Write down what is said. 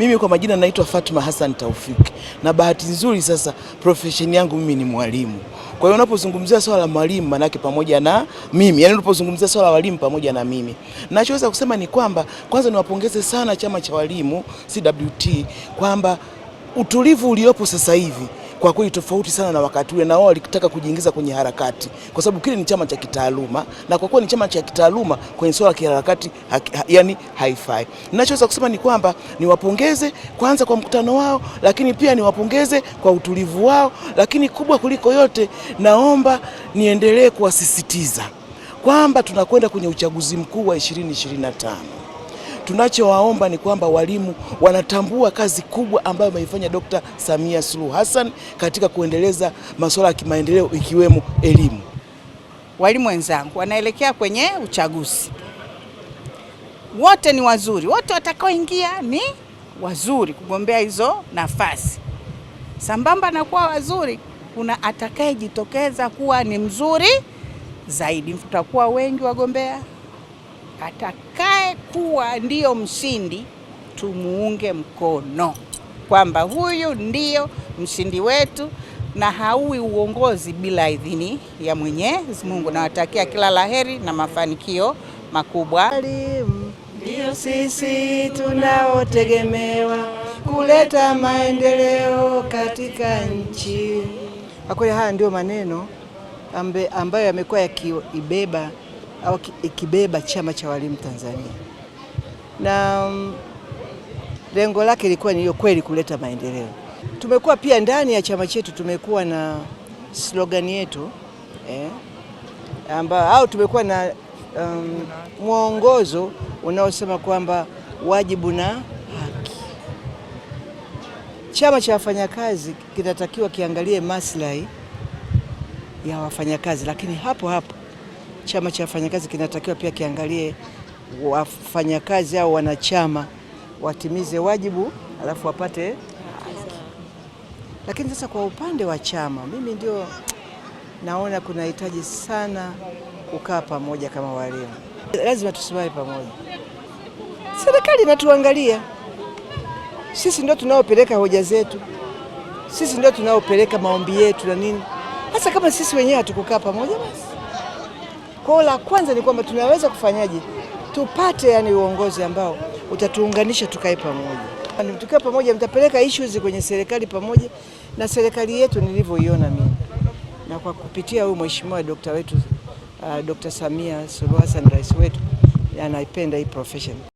Mimi kwa majina naitwa Fatma Hassan Taufiki, na bahati nzuri sasa profesheni yangu mimi ni mwalimu. Kwa hiyo unapozungumzia swala la mwalimu, manake pamoja na mimi, yani unapozungumzia swala la walimu pamoja na mimi, nachoweza kusema ni kwamba kwanza niwapongeze sana chama cha walimu CWT kwamba utulivu uliopo sasa hivi kwa kweli tofauti sana na wakati ule, na wao walitaka kujiingiza kwenye harakati, kwa sababu kile ni chama cha kitaaluma, na kwa kuwa ni chama cha kitaaluma kwenye swala la kiharakati ha, yani haifai. Ninachoweza kusema ni kwamba niwapongeze kwanza kwa mkutano wao, lakini pia niwapongeze kwa utulivu wao, lakini kubwa kuliko yote, naomba niendelee kuwasisitiza kwamba tunakwenda kwenye uchaguzi mkuu wa 2025. Tunachowaomba ni kwamba walimu wanatambua kazi kubwa ambayo ameifanya Dkt. Samia Suluhu Hassan katika kuendeleza masuala ya kimaendeleo ikiwemo elimu. Walimu wenzangu, wanaelekea kwenye uchaguzi, wote ni wazuri, wote watakaoingia ni wazuri kugombea hizo nafasi. Sambamba na kuwa wazuri, kuna atakayejitokeza kuwa ni mzuri zaidi, tutakuwa wengi wagombea ataka kuwa ndiyo mshindi tumuunge mkono kwamba huyu ndiyo mshindi wetu, na hauwi uongozi bila idhini ya Mwenyezi Mungu. Nawatakia kila laheri na mafanikio makubwa. Ndio sisi tunaotegemewa kuleta maendeleo katika nchi. Kwa kweli haya ndio maneno ambayo yamekuwa yakiibeba au ikibeba chama cha walimu Tanzania, na mm, lengo lake ilikuwa ni kweli kuleta maendeleo. Tumekuwa pia ndani ya chama chetu tumekuwa na slogan yetu eh, amba, au tumekuwa na um, mwongozo unaosema kwamba wajibu na haki. Chama cha wafanyakazi kinatakiwa kiangalie maslahi ya wafanyakazi, lakini hapo hapo chama cha wafanyakazi kinatakiwa pia kiangalie wafanyakazi au wanachama watimize wajibu alafu wapate haki. Lakini sasa kwa upande wa chama, mimi ndio naona kunahitaji sana kukaa pamoja kama walimu, lazima tusimame pamoja. Serikali inatuangalia sisi, ndio tunaopeleka hoja zetu, sisi ndio tunaopeleka maombi yetu na nini. Hasa kama sisi wenyewe hatukukaa pamoja basi kwa hiyo la kwanza ni kwamba tunaweza kufanyaje tupate yani uongozi ambao utatuunganisha tukae pamoja. Yaani tukiwa pamoja, mtapeleka issues kwenye serikali pamoja na serikali yetu nilivyoiona mimi, na kwa kupitia huyu mheshimiwa dokta wetu uh, ah, Dr. Samia Suluhu Hassan rais wetu anaipenda hii profession.